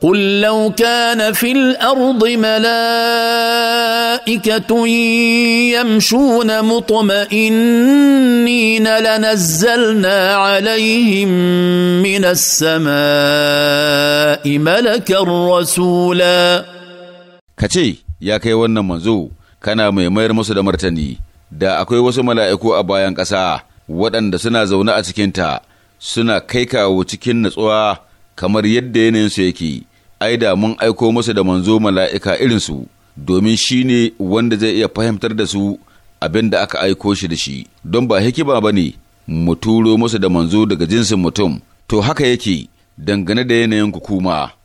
قل لو كان في الارض ملائكه يمشون مطمئنين لنزلنا عليهم من السماء ملكا رسولا kace ya kai wannan manzo kana mai mayar musu da martani da akwai wasu mala'iku a bayan ƙasa waɗanda suna zaune a cikinta suna kai kawo cikin natsuwa kamar yadda yanayinsu yake ai da mun aiko masa da manzo mala'ika irinsu, domin shi ne wanda zai iya fahimtar da su abin da aka aiko shi da shi, don ba hikima ba ne mu turo masa da manzo daga jinsin mutum, to haka yake dangane da yanayin kuma.